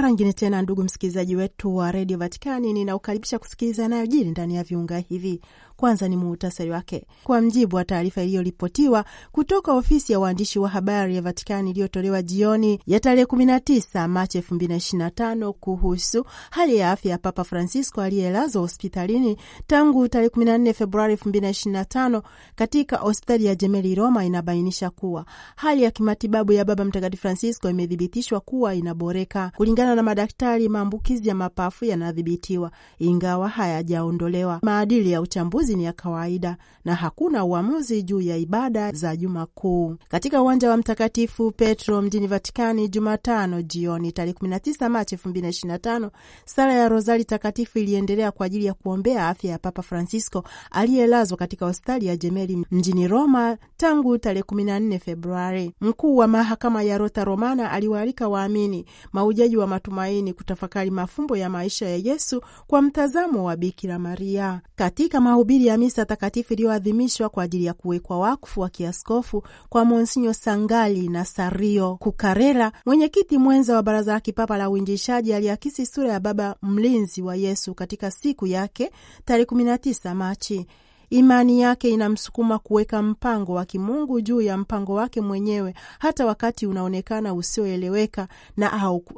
mara nyingine tena, ndugu msikilizaji wetu wa redio Vatikani, ninaukaribisha kusikiliza yanayojiri ndani ya viunga hivi. Kwanza ni muhutasari wake. Kwa mjibu wa taarifa iliyoripotiwa kutoka ofisi ya waandishi wa habari ya Vatikani iliyotolewa jioni ya tarehe 19 Machi 2025 kuhusu hali ya afya ya Papa Francisco aliyelazwa hospitalini tangu tarehe 14 Februari 2025 katika hospitali ya Jemeli Roma, inabainisha kuwa hali ya kimatibabu ya Baba Mtakatifu Francisco imethibitishwa kuwa inaboreka kulingana Kulingana na madaktari, maambukizi ya mapafu yanadhibitiwa ingawa hayajaondolewa. Maadili ya uchambuzi ni ya kawaida na hakuna uamuzi juu ya ibada za Juma Kuu katika uwanja wa Mtakatifu Petro mjini Vatikani. Jumatano jioni tarehe 19 Machi 2025, sala ya Rozari Takatifu iliendelea kwa ajili ya kuombea afya ya Papa Francisco aliyelazwa katika hospitali ya Jemeli mjini Roma tangu tarehe 14 Februari. Mkuu wa mahakama ya Rota Romana aliwaalika waamini maujaji wa matumaini kutafakari mafumbo ya maisha ya Yesu kwa mtazamo wa Bikira Maria. Katika mahubiri ya misa takatifu iliyoadhimishwa kwa ajili ya kuwekwa wakfu wa kiaskofu kwa Monsinyo Sangali na Sario Kukarera, mwenyekiti mwenza wa Baraza la Kipapa la Uinjishaji, aliakisi sura ya Baba mlinzi wa Yesu katika siku yake tarehe 19 Machi. Imani yake inamsukuma kuweka mpango wa kimungu juu ya mpango wake mwenyewe, hata wakati unaonekana usioeleweka na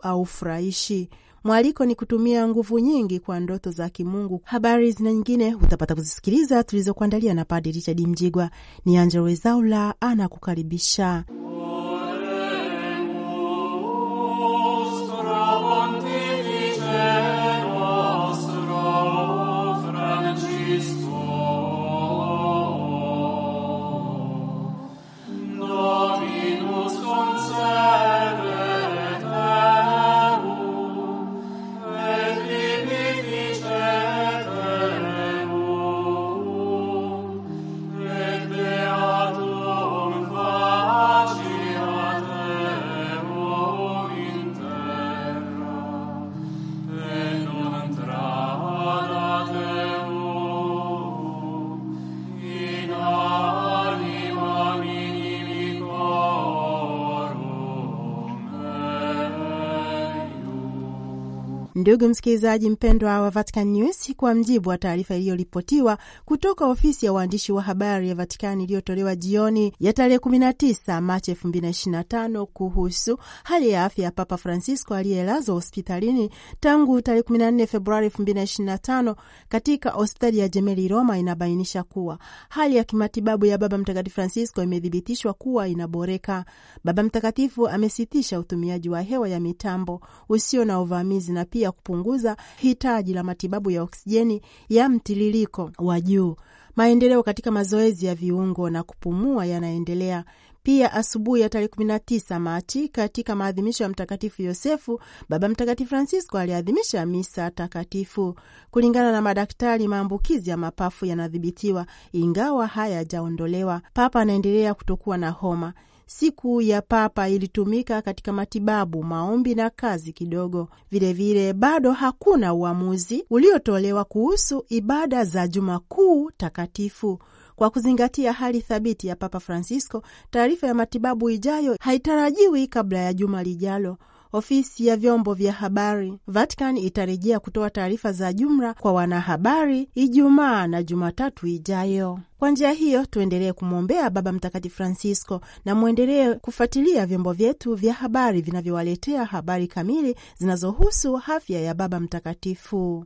haufurahishi. Mwaliko ni kutumia nguvu nyingi kwa ndoto za kimungu. Habari zina nyingine utapata kuzisikiliza tulizokuandalia na Padre Richard Mjigwa. Ni Angella Rwezaula anakukaribisha. Ndugu msikilizaji mpendwa wa Vatican News, kwa mjibu wa taarifa iliyoripotiwa kutoka ofisi ya waandishi wa habari ya Vatican iliyotolewa jioni ya tarehe 19 Machi 2025 kuhusu hali ya afya ya Papa Francisco aliyelazwa hospitalini tangu tarehe 14 Februari 2025 katika hospitali ya jemeli Roma, inabainisha kuwa hali ya kimatibabu ya Baba Mtakatifu Francisco imethibitishwa kuwa inaboreka. Baba Mtakatifu amesitisha utumiaji wa hewa ya mitambo usio na uvamizi na pia kupunguza hitaji la matibabu ya oksijeni ya mtiririko wa juu. Maendeleo katika mazoezi ya viungo na kupumua yanaendelea pia. Asubuhi ya tarehe 19 Machi, katika maadhimisho ya Mtakatifu Yosefu, Baba Mtakatifu Francisco aliadhimisha misa takatifu. Kulingana na madaktari, maambukizi ya mapafu yanadhibitiwa ingawa hayajaondolewa. Papa anaendelea kutokuwa na homa. Siku ya Papa ilitumika katika matibabu, maombi na kazi kidogo. Vilevile vile, bado hakuna uamuzi uliotolewa kuhusu ibada za Juma Kuu Takatifu. Kwa kuzingatia hali thabiti ya Papa Francisco, taarifa ya matibabu ijayo haitarajiwi kabla ya juma lijalo ofisi ya vyombo vya habari. Vatican itarejea kutoa taarifa za jumla kwa wanahabari Ijumaa na Jumatatu ijayo. Kwa njia hiyo tuendelee kumwombea Baba Mtakatifu Francisco na mwendelee kufuatilia vyombo vyetu vya habari vinavyowaletea habari kamili zinazohusu afya ya Baba Mtakatifu.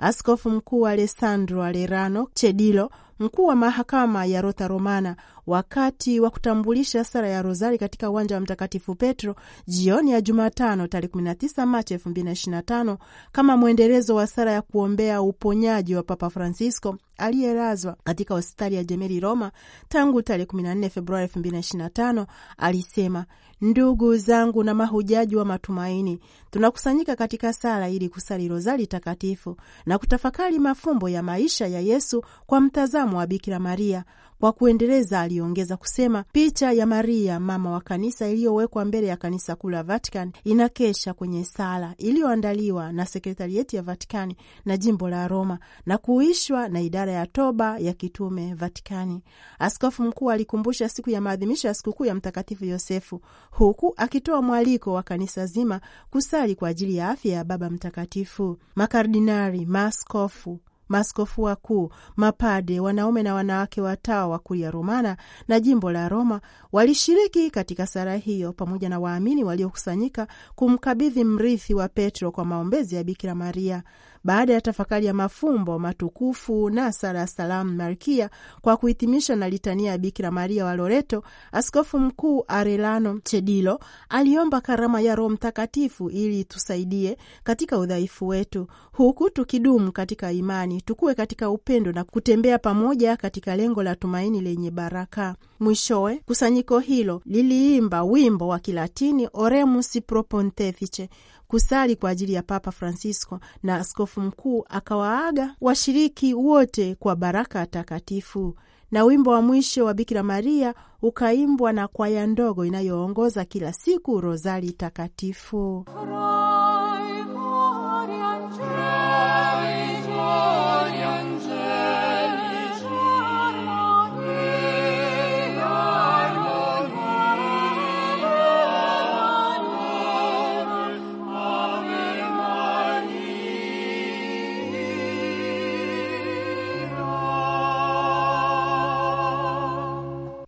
Askofu Mkuu Alessandro Alerano Chedilo mkuu wa mahakama ya Rotha Romana wakati wa kutambulisha sara ya rozari katika uwanja wa Mtakatifu Petro jioni ya Jumatano tarehe 19 Machi 2025 kama mwendelezo wa sara ya kuombea uponyaji wa Papa Francisco aliyelazwa katika hospitali ya Jemeli Roma tangu tarehe 14 Februari 2025, alisema: Ndugu zangu na mahujaji wa matumaini, tunakusanyika katika sala ili kusali rozari takatifu na kutafakari mafumbo ya maisha ya Yesu kwa mtazamo mtazamo wa Bikira Maria. Kwa kuendeleza, aliongeza kusema, picha ya Maria mama wa kanisa iliyowekwa mbele ya kanisa kuu la Vatican inakesha kwenye sala iliyoandaliwa na sekretarieti ya Vatikani na jimbo la Roma na kuishwa na idara ya toba ya kitume Vatikani. Askofu mkuu alikumbusha siku ya maadhimisho ya sikukuu ya Mtakatifu Yosefu, huku akitoa mwaliko wa kanisa zima kusali kwa ajili ya afya ya Baba Mtakatifu. Makardinari, maaskofu maskofu wakuu, mapade, wanaume na wanawake watawa wa Kuria Romana na jimbo la Roma walishiriki katika sala hiyo pamoja na waamini waliokusanyika kumkabidhi mrithi wa Petro kwa maombezi ya Bikira Maria baada ya tafakari ya mafumbo matukufu na sala ya salamu Malkia, kwa kuhitimisha na litania ya Bikira Maria wa Loreto, Askofu Mkuu Arelano Chedilo aliomba karama ya Roho Mtakatifu ili tusaidie katika udhaifu wetu, huku tukidumu katika imani, tukuwe katika upendo na kutembea pamoja katika lengo la tumaini lenye baraka. Mwishowe kusanyiko hilo liliimba wimbo wa Kilatini Oremus pro Pontefice, kusali kwa ajili ya Papa Francisco, na askofu mkuu akawaaga washiriki wote kwa baraka takatifu na wimbo wa mwisho wa Bikira Maria ukaimbwa na kwaya ndogo inayoongoza kila siku Rozari Takatifu.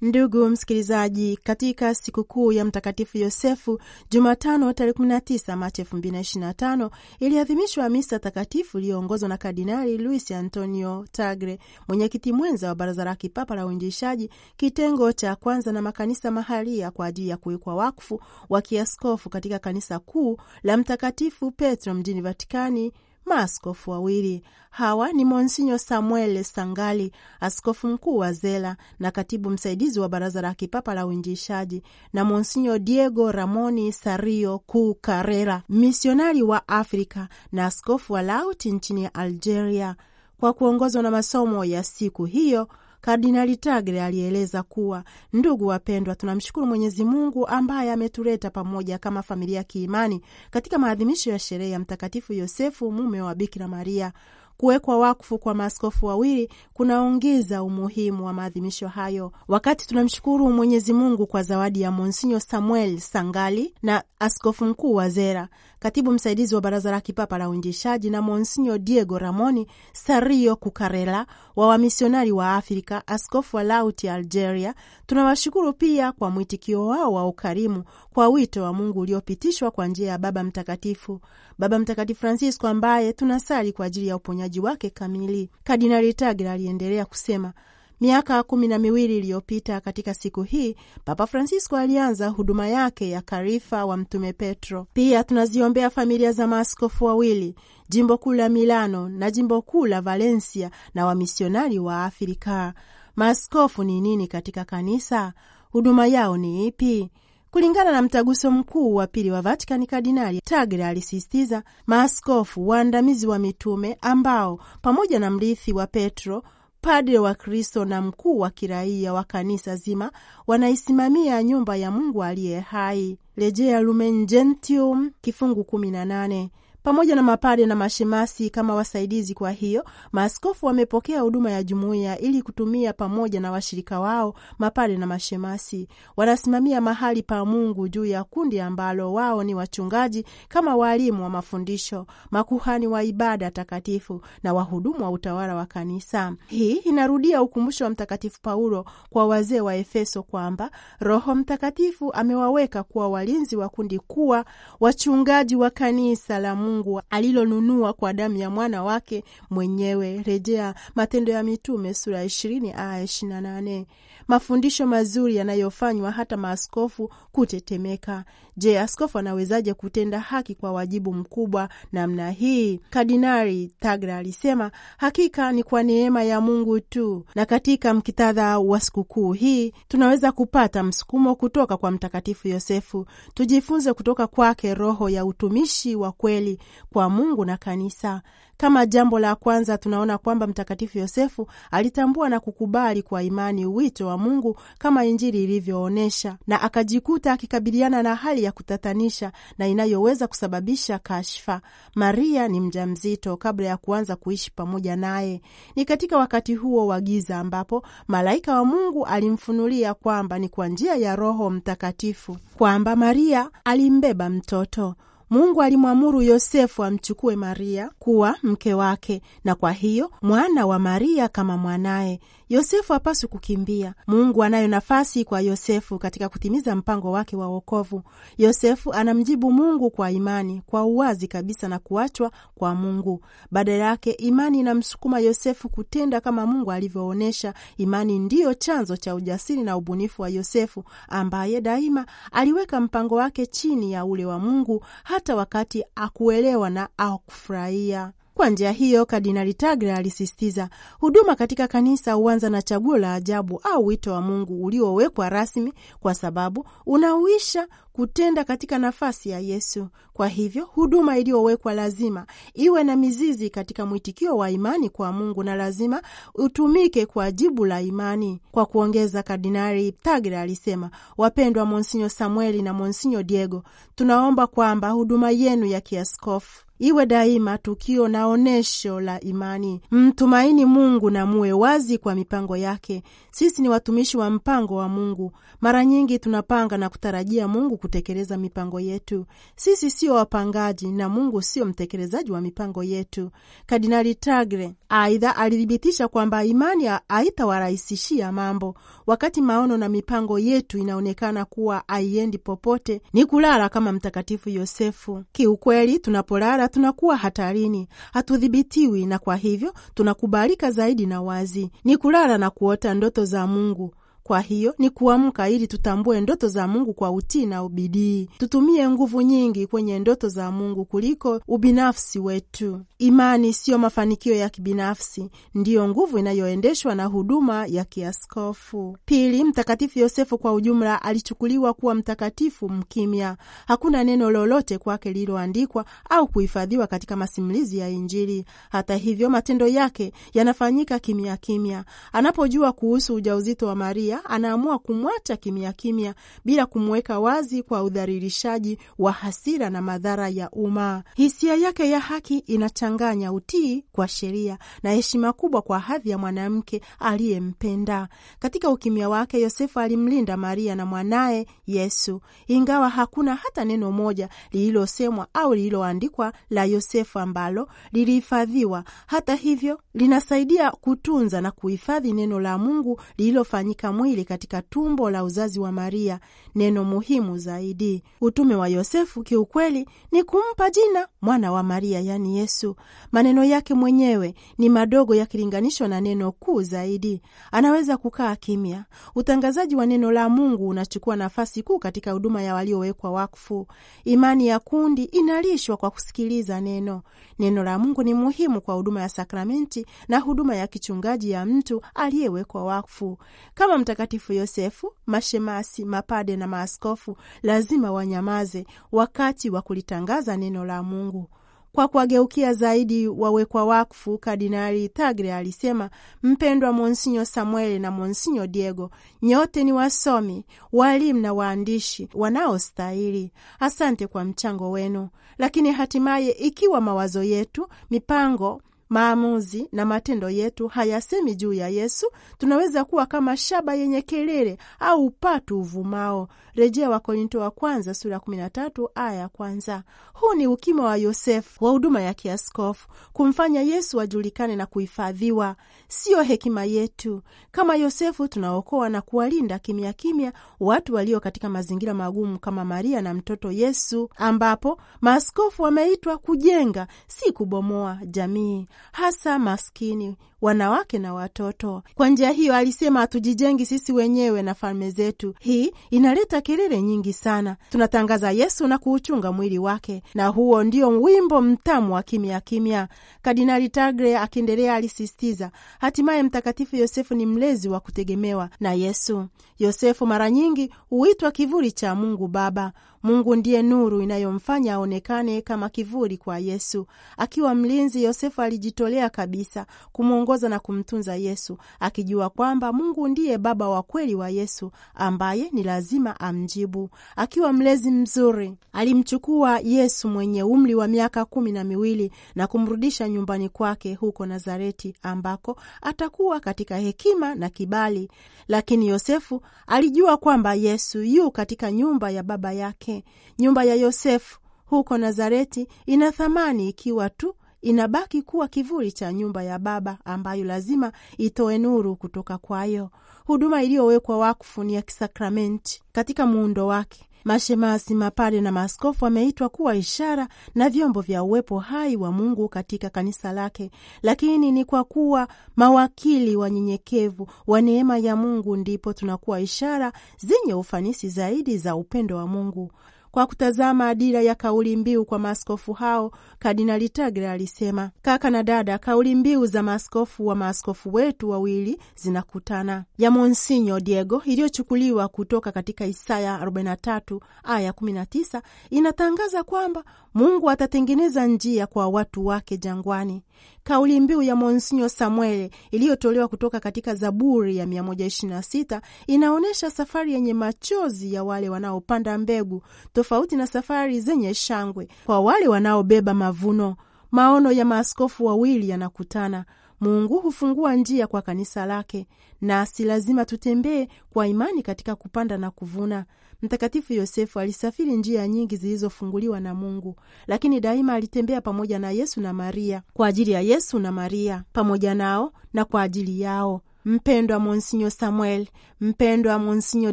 Ndugu msikilizaji, katika sikukuu ya Mtakatifu Yosefu, Jumatano tarehe 19 Machi 2025 iliadhimishwa misa takatifu iliyoongozwa na Kardinali Luis Antonio Tagre, mwenyekiti mwenza wa Baraza la Kipapa la Uinjilishaji, kitengo cha kwanza na makanisa mahalia, kwa ajili ya kuwekwa wakfu wa kiaskofu katika kanisa kuu la Mtakatifu Petro mjini Vatikani maaskofu wawili. Hawa ni Monsinyo samuel Sangali, askofu mkuu wa Zela na katibu msaidizi wa Baraza la Kipapa la Uinjishaji, na Monsinyo Diego Ramoni Sario Ku Karera, misionari wa Afrika na askofu wa Lauti nchini Algeria. Kwa kuongozwa na masomo ya siku hiyo Kardinali Tagle alieleza kuwa, ndugu wapendwa, tunamshukuru Mwenyezi Mungu ambaye ametuleta pamoja kama familia ya kiimani katika maadhimisho ya sherehe ya Mtakatifu Yosefu, mume wa Bikira Maria kuwekwa wakfu kwa maaskofu wawili kunaongeza umuhimu wa maadhimisho hayo. Wakati tunamshukuru Mwenyezi Mungu kwa zawadi ya Monsinyo Samuel Sangali na askofu mkuu wa Zera, katibu msaidizi wa Baraza la Kipapa la Uinjishaji na Monsinyo Diego Ramoni Sario Kukarela wa wamisionari wa Afrika, askofu wa Lauti Algeria, tunawashukuru pia kwa mwitikio wao wa ukarimu kwa wito wa Mungu uliopitishwa kwa njia ya Baba Mtakatifu, Baba Mtakatifu Francisco ambaye tunasali kwa ajili ya uponyaji wake kamili. Kardinali Tagle aliendelea kusema Miaka kumi na miwili iliyopita katika siku hii Papa Francisco alianza huduma yake ya karifa wa Mtume Petro. Pia tunaziombea familia za maaskofu wawili, jimbo kuu la Milano na jimbo kuu la Valencia na wamisionari wa Afrika. Maaskofu ni nini katika kanisa? Huduma yao ni ipi? Kulingana na mtaguso mkuu wa pili wa Vatikani, Kardinali Tagle alisisitiza maaskofu waandamizi wa mitume ambao pamoja na mrithi wa Petro padre wa Kristo na mkuu wa kiraia wa kanisa zima wanaisimamia nyumba ya Mungu aliye hai, rejea Lumen Gentium kifungu 18 pamoja na mapade na mashemasi kama wasaidizi. Kwa hiyo maaskofu wamepokea huduma ya jumuiya ili kutumia pamoja na washirika wao mapade na mashemasi. Wanasimamia mahali pa Mungu juu ya kundi ambalo wao ni wachungaji kama waalimu wa mafundisho, makuhani wa ibada takatifu na wahudumu wa utawala wa kanisa. Hii inarudia ukumbusho wa Mtakatifu Paulo kwa wazee wa Efeso kwamba Roho Mtakatifu amewaweka kuwa walinzi wa kundi kuwa wachungaji wa kanisa la Mungu Mungu alilonunua kwa damu ya mwana wake mwenyewe. Rejea Matendo ya Mitume sura ishirini aya ishirini na nane mafundisho mazuri yanayofanywa hata maaskofu kutetemeka. Je, askofu anawezaje kutenda haki kwa wajibu mkubwa namna hii? Kardinari Tagra alisema, hakika ni kwa neema ya Mungu tu, na katika mkitadha wa sikukuu hii tunaweza kupata msukumo kutoka kwa Mtakatifu Yosefu. Tujifunze kutoka kwake roho ya utumishi wa kweli kwa Mungu na kanisa. Kama jambo la kwanza, tunaona kwamba Mtakatifu Yosefu alitambua na kukubali kwa imani wito wa Mungu kama Injili ilivyoonyesha, na akajikuta akikabiliana na hali ya kutatanisha na inayoweza kusababisha kashfa. Maria ni mjamzito kabla ya kuanza kuishi pamoja naye. Ni katika wakati huo wa giza ambapo malaika wa Mungu alimfunulia kwamba ni kwa njia ya Roho Mtakatifu kwamba Maria alimbeba mtoto. Mungu alimwamuru Yosefu amchukue Maria kuwa mke wake, na kwa hiyo mwana wa Maria kama mwanaye. Yosefu hapaswi kukimbia. Mungu anayo nafasi kwa Yosefu katika kutimiza mpango wake wa wokovu. Yosefu anamjibu Mungu kwa imani, kwa uwazi kabisa na kuachwa kwa Mungu. Badala yake, imani inamsukuma Yosefu kutenda kama Mungu alivyoonyesha. Imani ndiyo chanzo cha ujasiri na ubunifu wa Yosefu ambaye daima aliweka mpango wake chini ya ule wa Mungu hata wakati akuelewa na akufurahia. Kwa njia hiyo, Kardinali Tagle alisisitiza huduma katika kanisa huanza na chaguo la ajabu au wito wa Mungu uliowekwa rasmi, kwa sababu unauisha kutenda katika nafasi ya Yesu. Kwa hivyo huduma iliyowekwa lazima iwe na mizizi katika mwitikio wa imani kwa Mungu na lazima utumike kwa jibu la imani. Kwa kuongeza, Kardinali Tagle alisema, wapendwa Monsinyo Samueli na Monsinyo Diego, tunaomba kwamba huduma yenu ya kiaskofu iwe daima tukio na onesho la imani. Mtumaini Mungu na muwe wazi kwa mipango yake. Sisi ni watumishi wa mpango wa Mungu. Mara nyingi tunapanga na kutarajia Mungu kutekeleza mipango yetu. Sisi sio wapangaji na Mungu sio mtekelezaji wa mipango yetu. Kardinali Tagle aidha alithibitisha kwamba imani haitawarahisishia mambo wakati maono na mipango yetu inaonekana kuwa haiendi popote, ni kulala kama Mtakatifu Yosefu. Kiukweli, tunapolala tunakuwa hatarini, hatudhibitiwi, na kwa hivyo tunakubalika zaidi na wazi, ni kulala na kuota ndoto za Mungu kwa hiyo ni kuamka ili tutambue ndoto za Mungu kwa utii na ubidii. Tutumie nguvu nyingi kwenye ndoto za Mungu kuliko ubinafsi wetu. Imani siyo mafanikio ya kibinafsi, ndiyo nguvu inayoendeshwa na huduma ya kiaskofu. Pili, Mtakatifu Yosefu kwa ujumla alichukuliwa kuwa mtakatifu mkimya. Hakuna neno lolote kwake lililoandikwa au kuhifadhiwa katika masimulizi ya Injili. Hata hivyo, matendo yake yanafanyika kimya kimya. Anapojua kuhusu ujauzito wa Maria anaamua kumwacha kimya kimya bila kumweka wazi kwa udhalilishaji wa hasira na madhara ya umma. Hisia yake ya haki inachanganya utii kwa sheria na heshima kubwa kwa hadhi ya mwanamke aliyempenda. Katika ukimya wake, Yosefu alimlinda Maria na mwanaye Yesu, ingawa hakuna hata neno moja lililosemwa au lililoandikwa la Yosefu ambalo lilihifadhiwa. Hata hivyo, linasaidia kutunza na kuhifadhi neno la Mungu lililofanyika mwili katika tumbo la uzazi wa Maria. Neno muhimu zaidi, utume wa Yosefu kiukweli ni kumpa jina mwana wa Maria, yani Yesu. Maneno yake mwenyewe ni madogo yakilinganishwa na neno kuu zaidi. Anaweza kukaa kimya. Utangazaji wa neno la Mungu unachukua nafasi kuu katika huduma ya waliowekwa wakfu. Imani ya kundi inalishwa kwa kusikiliza neno. Neno la Mungu ni muhimu kwa huduma ya sakramenti na huduma ya kichungaji ya mtu aliyewekwa wakfu kama Mtakatifu Yosefu, mashemasi, mapade na maaskofu lazima wanyamaze wakati wa kulitangaza neno la Mungu. Kwa kuwageukia zaidi wawekwa wakfu, Kardinali Tagre alisema, mpendwa Monsinyo Samueli na Monsinyo Diego, nyote ni wasomi, walimu na waandishi wanaostahili. Asante kwa mchango wenu. Lakini hatimaye, ikiwa mawazo yetu, mipango maamuzi na matendo yetu hayasemi juu ya Yesu. Tunaweza kuwa kama shaba yenye kelele au upatu uvumao, Rejea Wakorinto wa kwanza sura tatu aya ya kwanza. Huu ni ukima wa Yosefu wa huduma ya kiaskofu, kumfanya Yesu ajulikane na kuhifadhiwa, siyo hekima yetu. Kama Yosefu, tunaokoa na kuwalinda kimya kimya watu walio katika mazingira magumu kama Maria na mtoto Yesu, ambapo maaskofu wameitwa kujenga, si kubomoa jamii, hasa maskini wanawake na watoto. Kwa njia hiyo, alisema hatujijengi sisi wenyewe na falme zetu. Hii inaleta kelele nyingi sana. Tunatangaza Yesu na kuuchunga mwili wake, na huo ndio wimbo mtamu wa kimya kimya. Kardinali Tagre akiendelea alisisitiza, hatimaye Mtakatifu Yosefu ni mlezi wa kutegemewa na Yesu. Yosefu mara nyingi huitwa kivuli cha Mungu Baba. Mungu ndiye nuru inayomfanya aonekane kama kivuli kwa Yesu. Akiwa mlinzi, Yosefu alijitolea kabisa kumwongoza na kumtunza Yesu, akijua kwamba Mungu ndiye baba wa kweli wa Yesu ambaye ni lazima amjibu. Akiwa mlezi mzuri, alimchukua Yesu mwenye umri wa miaka kumi na miwili na kumrudisha nyumbani kwake huko Nazareti, ambako atakuwa katika hekima na kibali. Lakini Yosefu alijua kwamba Yesu yu katika nyumba ya baba yake yake. Nyumba ya Yosefu huko Nazareti ina thamani ikiwa tu inabaki kuwa kivuli cha nyumba ya Baba ambayo lazima itoe nuru kutoka kwayo. Huduma iliyowekwa wakfu ni ya kisakramenti katika muundo wake Mashemasi, mapade na maaskofu wameitwa kuwa ishara na vyombo vya uwepo hai wa Mungu katika kanisa lake, lakini ni kwa kuwa mawakili wanyenyekevu wa neema ya Mungu ndipo tunakuwa ishara zenye ufanisi zaidi za upendo wa Mungu kwa kutazama dira ya kauli mbiu kwa maaskofu hao, Kardinali Tagle alisema, kaka na dada, kauli mbiu za maaskofu wa maaskofu wetu wawili zinakutana, ya Monsinyo Diego iliyochukuliwa kutoka katika Isaya 43 aya 19 inatangaza kwamba Mungu atatengeneza njia kwa watu wake jangwani. Kauli mbiu ya Monsinyo Samuele iliyotolewa kutoka katika Zaburi ya 126 inaonyesha safari yenye machozi ya wale wanaopanda mbegu, tofauti na safari zenye shangwe kwa wale wanaobeba mavuno. Maono ya maaskofu wawili yanakutana, Mungu hufungua njia kwa kanisa lake, na si lazima tutembee kwa imani katika kupanda na kuvuna. Mtakatifu Yosefu alisafiri njia nyingi zilizofunguliwa na Mungu, lakini daima alitembea pamoja na Yesu na Maria, kwa ajili ya Yesu na Maria, pamoja nao na kwa ajili yao. Mpendwa Monsinyo Samuel, mpendwa Monsinyo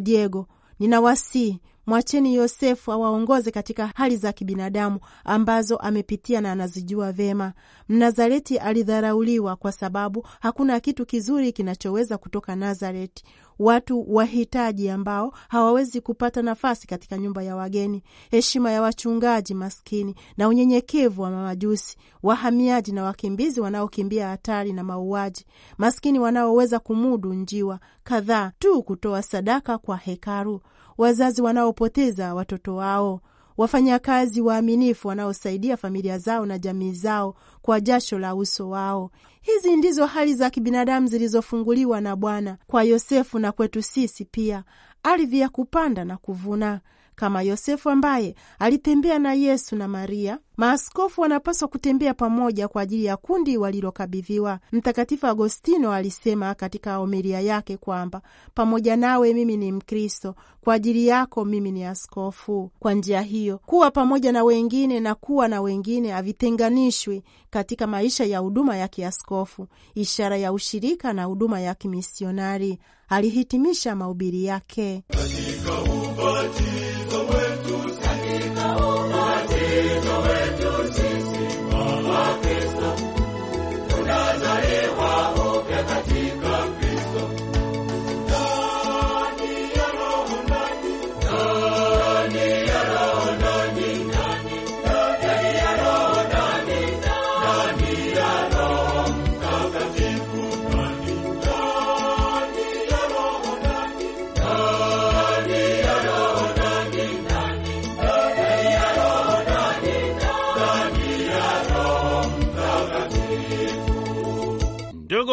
Diego, ninawasii Mwacheni Yosefu awaongoze katika hali za kibinadamu ambazo amepitia na anazijua vema. Mnazareti alidharauliwa kwa sababu hakuna kitu kizuri kinachoweza kutoka Nazareti. Watu wahitaji ambao hawawezi kupata nafasi katika nyumba ya wageni, heshima ya wachungaji maskini na unyenyekevu wa mamajusi, wahamiaji na wakimbizi wanaokimbia hatari na mauaji, maskini wanaoweza kumudu njiwa kadhaa tu kutoa sadaka kwa hekaru wazazi wanaopoteza watoto wao, wafanyakazi waaminifu wanaosaidia familia zao na jamii zao kwa jasho la uso wao. Hizi ndizo hali za kibinadamu zilizofunguliwa na Bwana kwa Yosefu na kwetu sisi pia, ardhi ya kupanda na kuvuna kama Yosefu ambaye alitembea na Yesu na Maria. Maaskofu wanapaswa kutembea pamoja kwa ajili ya kundi walilokabidhiwa. Mtakatifu Agostino alisema katika homilia yake kwamba pamoja nawe mimi ni Mkristo, kwa ajili yako mimi ni askofu. Kwa njia hiyo, kuwa pamoja na wengine na kuwa na wengine havitenganishwi katika maisha ya huduma ya kiaskofu, ishara ya ushirika na huduma ya kimisionari. Alihitimisha mahubiri yake katika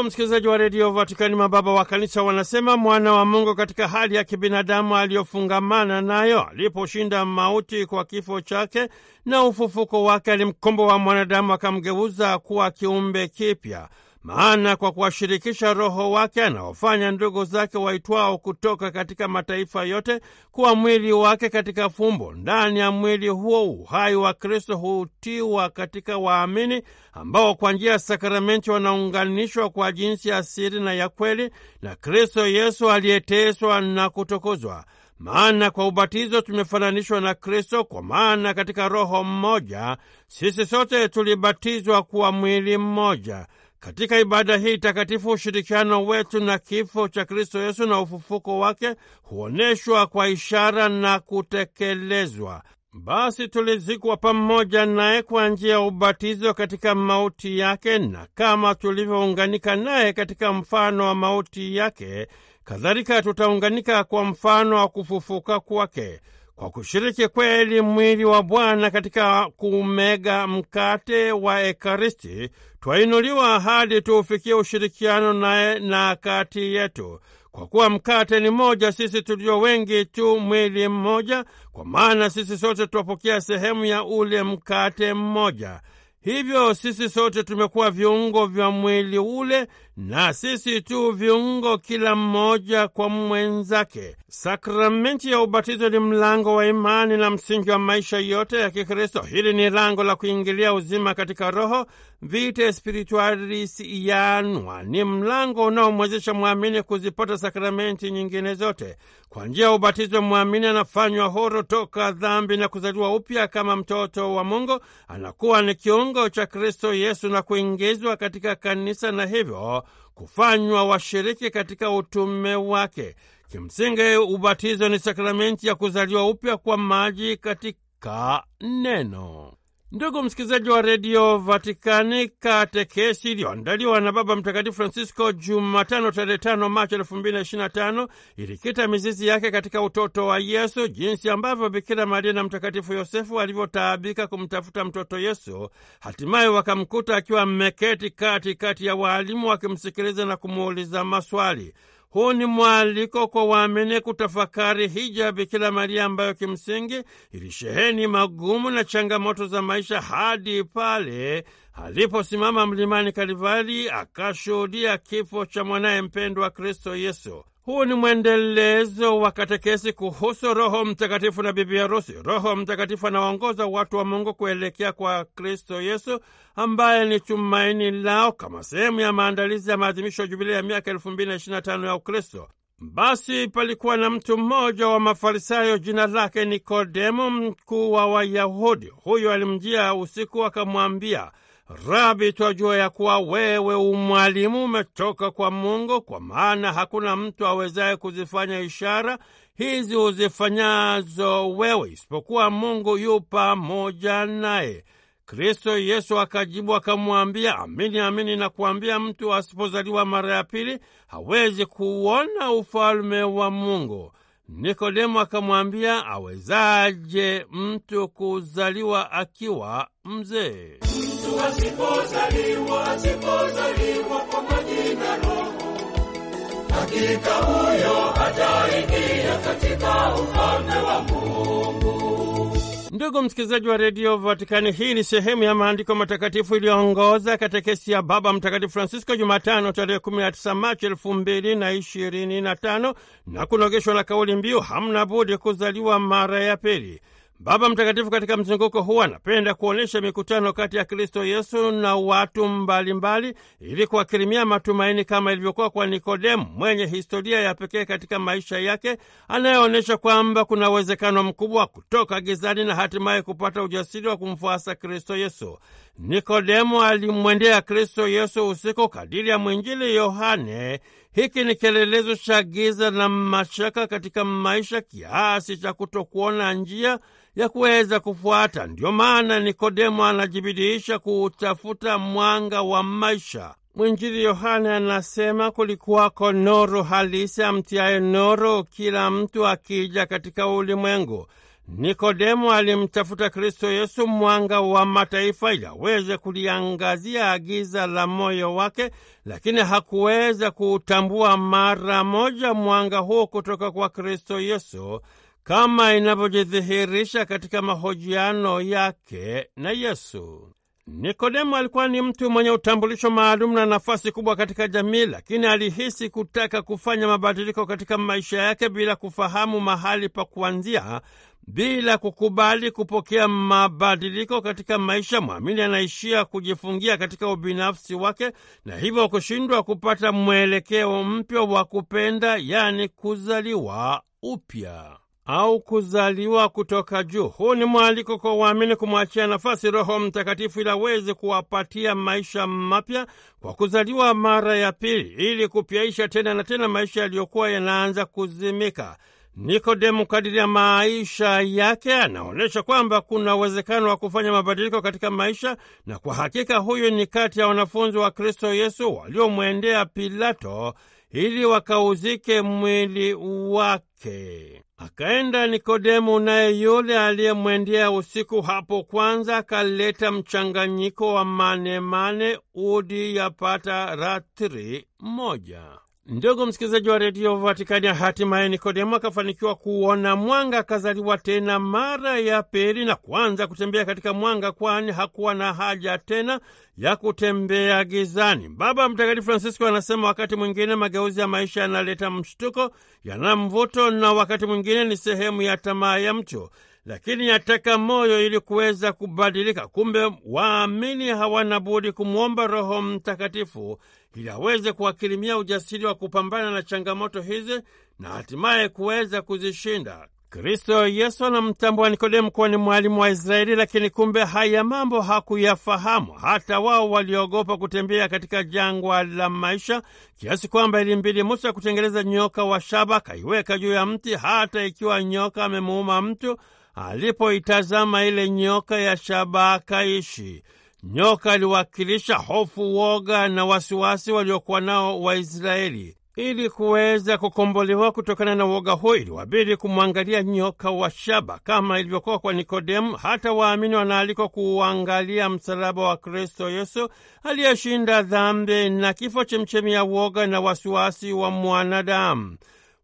msikilizaji wa redio Vatikani, mababa wa kanisa wanasema mwana wa Mungu katika hali ya kibinadamu aliyofungamana nayo, aliposhinda mauti kwa kifo chake na ufufuko wake, alimkomboa mwanadamu akamgeuza kuwa kiumbe kipya maana kwa kuwashirikisha Roho wake anaofanya ndugu zake waitwao kutoka katika mataifa yote kuwa mwili wake katika fumbo. Ndani ya mwili huo uhai wa Kristo hutiwa katika waamini ambao kwa njia ya sakramenti wanaunganishwa kwa jinsi ya siri na ya kweli na Kristo Yesu aliyeteswa na kutukuzwa. Maana kwa ubatizo tumefananishwa na Kristo, kwa maana katika Roho mmoja sisi sote tulibatizwa kuwa mwili mmoja. Katika ibada hii takatifu, ushirikiano wetu na kifo cha Kristo Yesu na ufufuko wake huonyeshwa kwa ishara na kutekelezwa. Basi tulizikwa pamoja naye kwa njia ya ubatizo katika mauti yake, na kama tulivyounganika naye katika mfano wa mauti yake, kadhalika tutaunganika kwa mfano wa kufufuka kwake, kwa kushiriki kweli mwili wa Bwana katika kumega mkate wa Ekaristi, twainuliwa hadi tuufikie ushirikiano naye na kati yetu, kwa kuwa mkate ni mmoja, sisi tulio wengi tu mwili mmoja, kwa maana sisi sote twapokea sehemu ya ule mkate mmoja. Hivyo sisi sote tumekuwa viungo vya mwili ule, na sisi tu viungo, kila mmoja kwa mwenzake. Sakramenti ya ubatizo ni mlango wa imani na msingi wa maisha yote ya Kikristo. Hili ni lango la kuingilia uzima katika roho, vitae spiritualis yanwa. Ni mlango unaomwezesha mwamini kuzipata sakramenti nyingine zote. Kwa njia ya ubatizo, mwamini anafanywa huru toka dhambi na kuzaliwa upya kama mtoto wa Mungu, anakuwa ni kiungo kiungo cha Kristo Yesu na kuingizwa katika kanisa na hivyo kufanywa washiriki katika utume wake. Kimsingi, ubatizo ni sakramenti ya kuzaliwa upya kwa maji katika neno. Ndugu msikilizaji wa redio Vatikani, katekesi iliyoandaliwa na Baba Mtakatifu Francisco Jumatano tarehe tano Machi elfu mbili na ishirini na tano ilikita mizizi yake katika utoto wa Yesu, jinsi ambavyo Bikira Maria na Mtakatifu Yosefu walivyotaabika kumtafuta mtoto Yesu, hatimaye wakamkuta akiwa mmeketi kati kati ya waalimu wakimsikiliza na kumuuliza maswali. Huu ni mwaliko kwa waamini kutafakari hija ya Bikira Maria ambayo kimsingi ilisheheni magumu na changamoto za maisha hadi pale aliposimama mlimani Kalivari akashuhudia kifo cha mwanaye mpendwa Kristo Yesu. Huu ni mwendelezo wa katekesi kuhusu Roho Mtakatifu na bibi harusi. Roho Mtakatifu anawaongoza watu wa Mungu kuelekea kwa Kristo Yesu ambaye ni tumaini lao, kama sehemu ya maandalizi ya maadhimisho ya jubilia ya miaka elfu mbili na na tano ya Ukristo. Basi palikuwa na mtu mmoja wa Mafarisayo, jina lake Nikodemo, mkuu wa Wayahudi. Huyo alimjia usiku akamwambia Rabi, twajua ya kuwa wewe umwalimu umetoka kwa Mungu, kwa maana hakuna mtu awezaye kuzifanya ishara hizi uzifanyazo wewe, isipokuwa Mungu yu pamoja naye. Kristo Yesu akajibu akamwambia, amini amini nakuambia, mtu asipozaliwa mara ya pili hawezi kuona ufalme wa Mungu. Nikodemo akamwambia, awezaje mtu kuzaliwa akiwa mzee? Mtu asipozaliwa asipozaliwa kwa roho, hakika huyo katika ufalme wa Mungu. Ndugu msikilizaji wa redio Vatikani, hii ni sehemu ya maandiko matakatifu iliyoongoza katekesi ya Baba Mtakatifu Francisco Jumatano tarehe 19 Machi 225 na na na kunogeshwa na kauli mbiu hamna budi kuzaliwa mara ya pili. Baba Mtakatifu katika mzunguko huu anapenda kuonyesha mikutano kati ya Kristo Yesu na watu mbalimbali ili kuwakirimia matumaini kama ilivyokuwa kwa Nikodemu mwenye historia ya pekee katika maisha yake anayeonyesha kwamba kuna uwezekano mkubwa wa kutoka gizani na hatimaye kupata ujasiri wa kumfuasa Kristo Yesu. Nikodemu alimwendea Kristo Yesu usiku kadiri ya mwinjili Yohane hiki ni kielelezo cha giza na mashaka katika maisha kiasi cha kutokuona njia ya kuweza kufuata. Ndiyo maana Nikodemo anajibidiisha kuutafuta mwanga wa maisha. Mwinjili Yohane anasema kulikuwako noro halisi, amtiaye noro kila mtu akija katika ulimwengu. Nikodemo alimtafuta Kristo Yesu, mwanga wa mataifa, ili aweze kuliangazia giza la moyo wake, lakini hakuweza kuutambua mara moja mwanga huo kutoka kwa Kristo Yesu, kama inavyojidhihirisha katika mahojiano yake na Yesu. Nikodemo alikuwa ni mtu mwenye utambulisho maalum na nafasi kubwa katika jamii, lakini alihisi kutaka kufanya mabadiliko katika maisha yake bila kufahamu mahali pa kuanzia bila kukubali kupokea mabadiliko katika maisha, mwamini anaishia kujifungia katika ubinafsi wake na hivyo kushindwa kupata mwelekeo mpya wa kupenda, yaani kuzaliwa upya au kuzaliwa kutoka juu. Huu ni mwaliko kwa waamini kumwachia nafasi Roho Mtakatifu ili aweze kuwapatia maisha mapya kwa kuzaliwa mara ya pili, ili kupyaisha tena na tena maisha yaliyokuwa yanaanza kuzimika. Nikodemu, kadiri ya maisha yake, anaonyesha kwamba kuna uwezekano wa kufanya mabadiliko katika maisha, na kwa hakika huyu ni kati ya wanafunzi wa Kristo Yesu waliomwendea Pilato ili wakauzike mwili wake. Akaenda Nikodemu naye yule aliyemwendea usiku hapo kwanza, akaleta mchanganyiko wa manemane udi yapata ratri moja. Ndugu msikilizaji wa redio Vatikani, hatimaye Nikodemo akafanikiwa kuona mwanga, akazaliwa tena mara ya pili na kuanza kutembea katika mwanga, kwani hakuwa na haja tena ya kutembea gizani. Baba Mtakatifu Francisco anasema wakati mwingine mageuzi ya maisha yanaleta mshtuko, yana mvuto, na wakati mwingine ni sehemu ya tamaa ya mcho lakini yataka moyo ili kuweza kubadilika. Kumbe waamini hawana budi kumwomba Roho Mtakatifu ili aweze kuwakirimia ujasiri wa kupambana na changamoto hizi na hatimaye kuweza kuzishinda. Kristo Yesu anamtambua Nikodemu kuwa ni mwalimu wa Israeli, lakini kumbe haya mambo hakuyafahamu. Hata wao waliogopa kutembea katika jangwa la maisha, kiasi kwamba ilimbidi Musa kutengeleza nyoka wa shaba, kaiweka juu ya mti, hata ikiwa nyoka amemuuma mtu alipoitazama ile nyoka ya shaba akaishi. Nyoka aliwakilisha hofu, woga na wasiwasi waliokuwa nao Waisraeli. Ili kuweza kukombolewa kutokana na woga huo, iliwabidi kumwangalia nyoka wa shaba. Kama ilivyokuwa kwa Nikodemu, hata waamini wanaalikwa kuuangalia msalaba wa Kristo Yesu aliyeshinda dhambi na kifo, chemchemi ya woga na wasiwasi wa mwanadamu.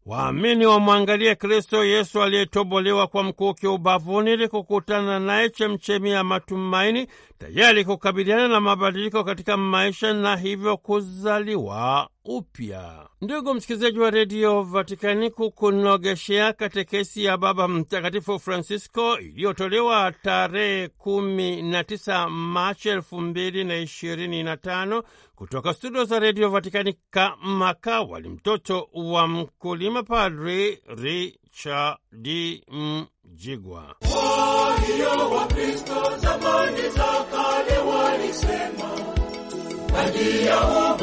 Waamini wamwangalie Kristo Yesu aliyetobolewa kwa mkuki ubavuni ili kukutana naye, chemchemi ya matumaini, tayari kukabiliana na mabadiliko katika maisha na hivyo kuzaliwa upya. Ndugu msikilizaji wa redio Vatikani, kukunogeshea katekesi ya Baba Mtakatifu Francisco iliyotolewa tarehe 19 Machi 2025 kutoka studio za redio Vatikani, wali mtoto wa mkulima, Padri Richard Mjigwa. Kwa hiyo Wakristo zamani za kale walisema maji ya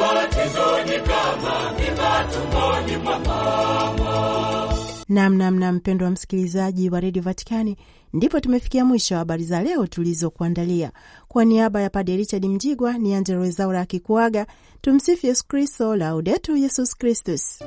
kama mimba tumboni mwa mama. Namnamna mpendo wa msikilizaji wa redio Vatikani, ndipo tumefikia mwisho wa habari za leo tulizokuandalia. Kwa niaba ya Padre Richard Mjigwa ni Angelo Wezaura akikuaga. Tumsifu Yesu Kristo, Laudetur Yesus Kristus.